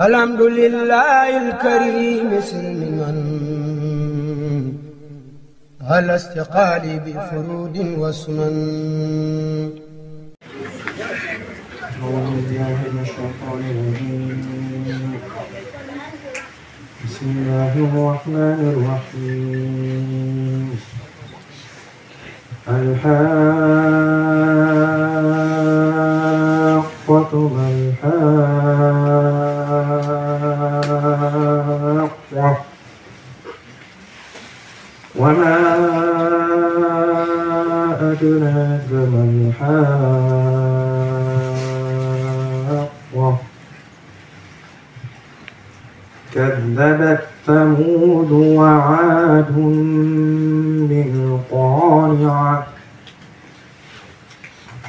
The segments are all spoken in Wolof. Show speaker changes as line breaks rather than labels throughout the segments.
الحمد لله الكريم سلما على استقالي بفرود وسمن بسم الله الرحمن الرحيم الحق ما وما أدراك ما الحاقة كذبت ثمود وعاد بالقارعة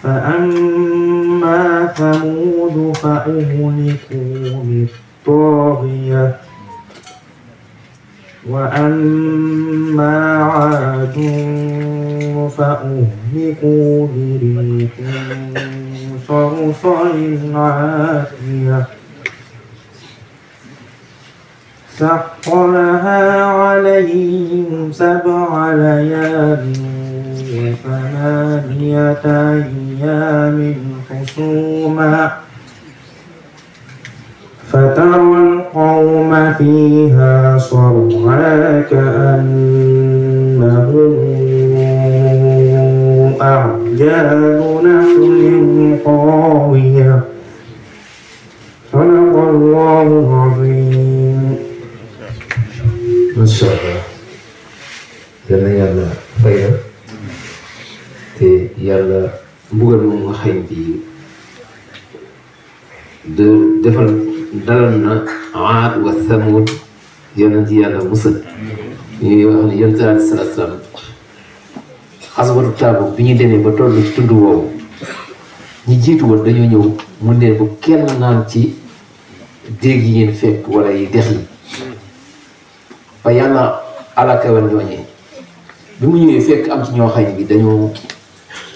فأما ثمود فأهلكوا بالطاغية وأما عاد فأهلكوا بريح صرصر عاتية سحرها عليهم سبع ليال وثمانية أيام حسوما فترى القوم فيها صرعا كأنهم أعجاب نخل قاوية خلق الله العظيم
ما شاء الله دنا يلا خير يلا بغل من وحيدي دو دفن دلنا aad wa thamud yonent yàlla musal ñuy wax ne yonent alei salatu salaam xaswatu Taabuk bi ñu demee ba toll ci tund woowu ñi jiitu woon dañoo ñëw mu ne bu kenn naan ci déeg yi fekk wala yi dex yi ba yàlla alakawal ñooñee bi mu ñëwee fekk am ci ñoo xay bi dañoo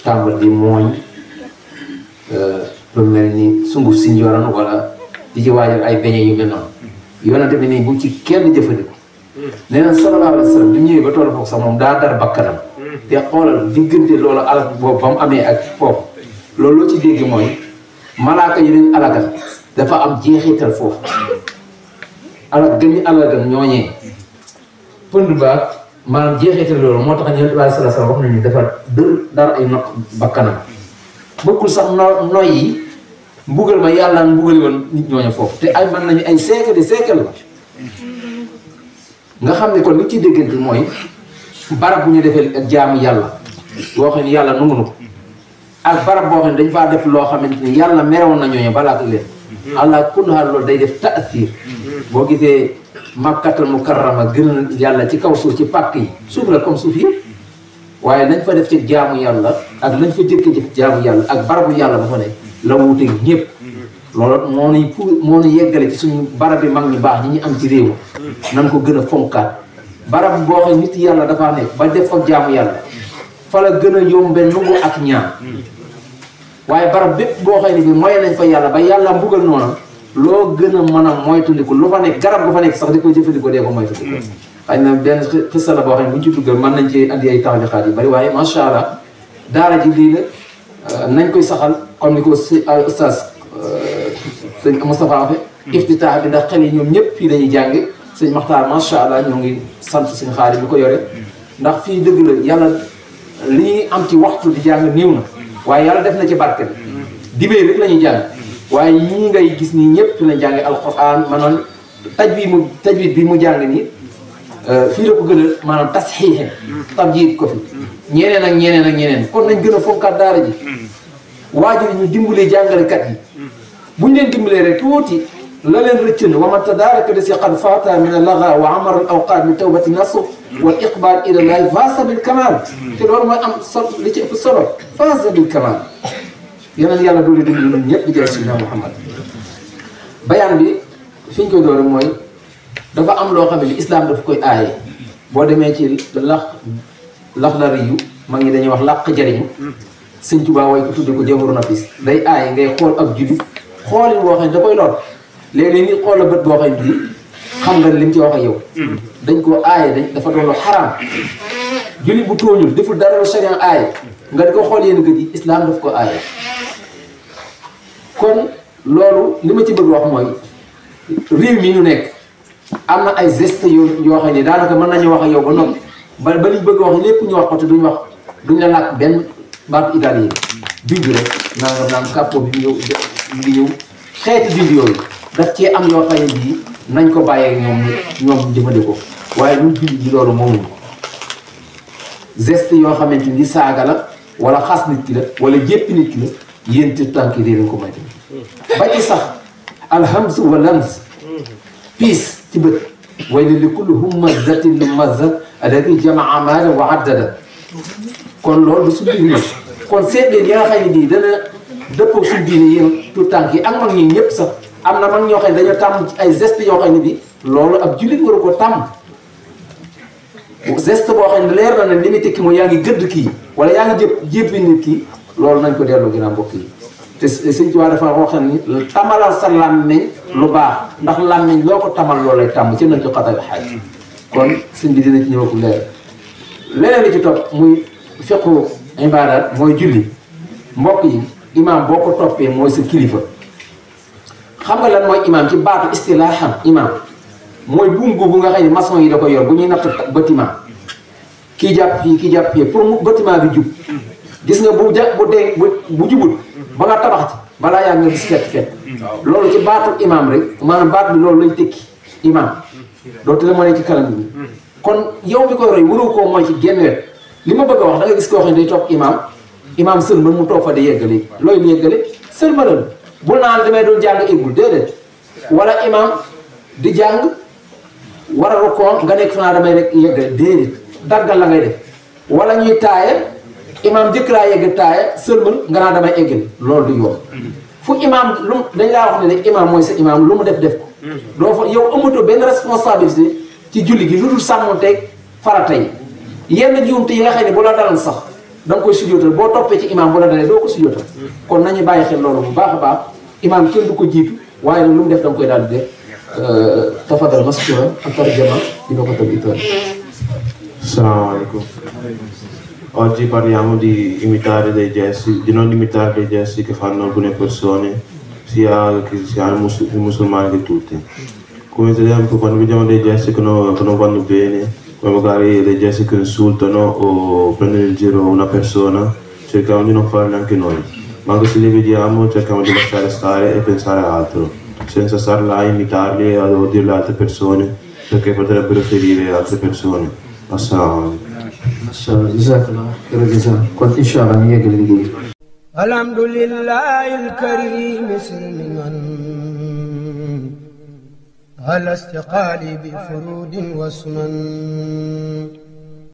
tàmbal di mooñ lu mel ni sunguf si ñu yoroon di ci waajal ay beñe yu mel na yonente bi nii bu ci kenn jëfandikoo nee na sallallahu alayhi wa ñëwee ba toll foofu sax moom daa dar bakkanam te xoolal diggante loolu alal boobu ba mu amee ak foofu loolu ci dégg mooy malaaka yi leen dafa am jeexital foofu alal gën ñu alagal ñooñee pënd ba maanaam jeexital loolu moo tax ñoom sallallahu alayhi wa sallam wax nañu dafa dër dar ay bakkanam bokkul sax no noy yi mbugal ma yàlla mbugali woon nit ñooñu foofu te ay man nañu ay siècle de siècle nga xam ne ko li ci déggante mooy barab bu ñu defee ak jaamu yàlla boo xam yàlla nangu na ko ak dañ faa def loo xamante ni yàlla merewoon na ñooñu balaa leen allah kulli haal loolu day def taasir boo gisee makkatal mukarrama gën a ci kaw suuf ci pàkk yi suuf la comme suuf yëpp waaye nañ fa def ci jaamu yàlla ak lañ fa jëkk jëf jaamu yàlla ak barabu yàlla ba fa nekk la wuté ñepp lool mo ni pour moo nuy yeggale ci suñu barab bi mag ni baax ñi am ci réew nan ko gëna a barab bo xé nit yalla dafa né ba def fa jaamu yalla fa la gëna yombé lu nungu ak ñaan waye barab bépp bo xé ni moy lañ fa yalla ba yalla mbugal non lo gëna mëna moytu liku lu fa né garab bu fa né sax di ko dé ko moytu ay na ben xissa la bo xé buñ ci duggal man nañ ci andi ay taxalixaat yu bari ma sha allah daara ji lii la nañ koy saxal comme ni ko euh, oustaz euh, sëñ Moustapha waxe mm-hmm. iftitaax bi ndax xel yi ñoom ñëpp fii lañuy jàng sëñ Maxtaar macha allah ñoo ngi sant sëñ xaari bi ko yore mm-hmm. ndax fii dëgg la yàlla li ñuy am ci waxtu di jàng néew na mm-hmm. waaye yàlla def na ci barke dibéer la ñuy jàng waaye ngay gis nii ñëpp dina jàng alquran maanaam taj bi mu taj bi mu jàng nii euh, fii la ko gën a maanaam tasxiixe tabjiit ko fi ñeneen ak ñeneen ak ñeneen kon nañ gën a fonkaat daara waajur ñi dimbali jàngalekat yi bu ñu leen dimbalee rek tuuti la leen rëccën wa man tadaaraka lasi qad faata min allaga wa amara al awqaat bi tawbati nasu wal iqbal ila llahi faasa bil kamal te loolu mooy am so li ci ëpp solo faasa bil kamal yeneen yàlla doolu dimbali ñun ñëpp di jaay sidna bi fi ñu koy mooy dafa am loo xam ne islam dafa koy aaye boo demee ci lax la riyu mag ñi dañuy wax làq jariñu sëñ Tuubaa way ko tudde ko na nafis day aay ngay xool ak jullit xoolin boo xam ne da koy lor léeg-léeg nit xool la bët boo xam ne bii xam nga lim ci wax ak yow. dañ koo aaye dañ dafa doon xaraam. jullit bu tooñul deful dara lu aaye nga di ko xool yéen gët yi islam daf ko aaye. kon loolu li ma ci bëgg wax mooy réew mi ñu nekk am na ay geste yoo yoo xam ne daanaka mën nañu wax ak yow ba noppi ba ba liñ bëgg wax lépp ñu wax ko te duñ wax duñ la benn. marque italien bind rek nangam naan kàppoo bi mu ngi ñëw xeeti bind yooyu daf cee am yoo xam ne bii nañ ko bàyyee ñoom ñoom jëfandikoo waaye ñun bind ji loolu moomuñu geste yoo xamante ni saaga la wala xas nit ki la wala jéppi nit ki la yéen ci tànk yi dinañ ko may
tamit
ba ci sax alhamz wa lams piis ci bët waylu li kulli humazatin lumaza alladi jamaa maala wa addada kon loolu suñu diine kon seetleen yi nga xam ne nii dana dëppoo suñu yi yéen tout tànk yi ak mag ñi ñëpp sax am na mag ñoo xam ne dañoo tàmm ay geste yoo xam ne bi loolu ak jullit war a ko tàmm geste boo xam ne leer na li muy tekki mooy yaa ngi gëdd kii wala yaa kii loolu nañ ko delloo ginnaaw mbokk yi te sëñ Tuubaa dafa waxoon ni tamalal sa làmmiñ lu baax ndax làmmiñ loo ko tamal lool lay tàmm ci nañ ko xatal xaaj kon sëñ bi dina ci ñëw ko leer leneen li ci muy fiqu ibaadaat mooy julli mbokk yi imaam boo ko toppee mooy sa kilifa xam nga lan mooy imaam ci baatu istilaaxam imaam mooy buum bu nga xam ne yi da ko yor bu ñuy natt bâtiment kii jàpp fii kii jàpp fii pour mu batiment bi jub gis nga bu ja bu dee bu jubul ba nga tabax ci balaa yàgg nga gis fekk fekk loolu ci baatu imaam rek maanaam baat bi loolu lay tekki imaam dootu la mënee ci kalam bi kon yow mi koy roy waroo koo mooy ci genn li ma bëgg a wax da nga gis koo xam ne day topp imaam imaam sëlmal mu toog fa di yeggale looy yeggale sëlmalal bu naan damay doon jàng iggul déedéet a rukkoon nga nekk daggal la ngay def wala ñuy taaye imaam jëkk laa yegg taaye sëlmal nga naa damay eggale loolu du yoon fu imaam lu dañ laa wax ne ne imaam mooy sa imaam lu mu def def ko doo fa yow amatoo benn responsabilité ci julli gi lu dul sàmmonteeg farata yi yenn juumte yi nga xam ne bu la dalal sax da nga koy sujootal boo toppee ci imaam bu la dalee doo ko sujootal kon nañu bàyyi xel loolu bu baax a baax imaam kenn du ko jiitu waaye nag lu mu def da nga koy daal di tafadal mastura ak tarjama dina ko tëb itam
salaamaaleykum oggi parliamo di imitare dei gesti di non imitare dei gesti che fanno alcune persone sia cristiani musulmani che tutti come ad esempio quando vediamo dei gesti che non, che non vanno bene magari dei gesti che insultano o prendono in giro una persona, cerchiamo di non farli anche noi. Ma anche se li vediamo cerchiamo di lasciare stare e pensare a altro, senza star là a imitarli o dirle altre persone, perché potrebbero ferire altre persone. Assalamu
alaikum.
الحمد لله الكريم على استقالي بفرود وسنن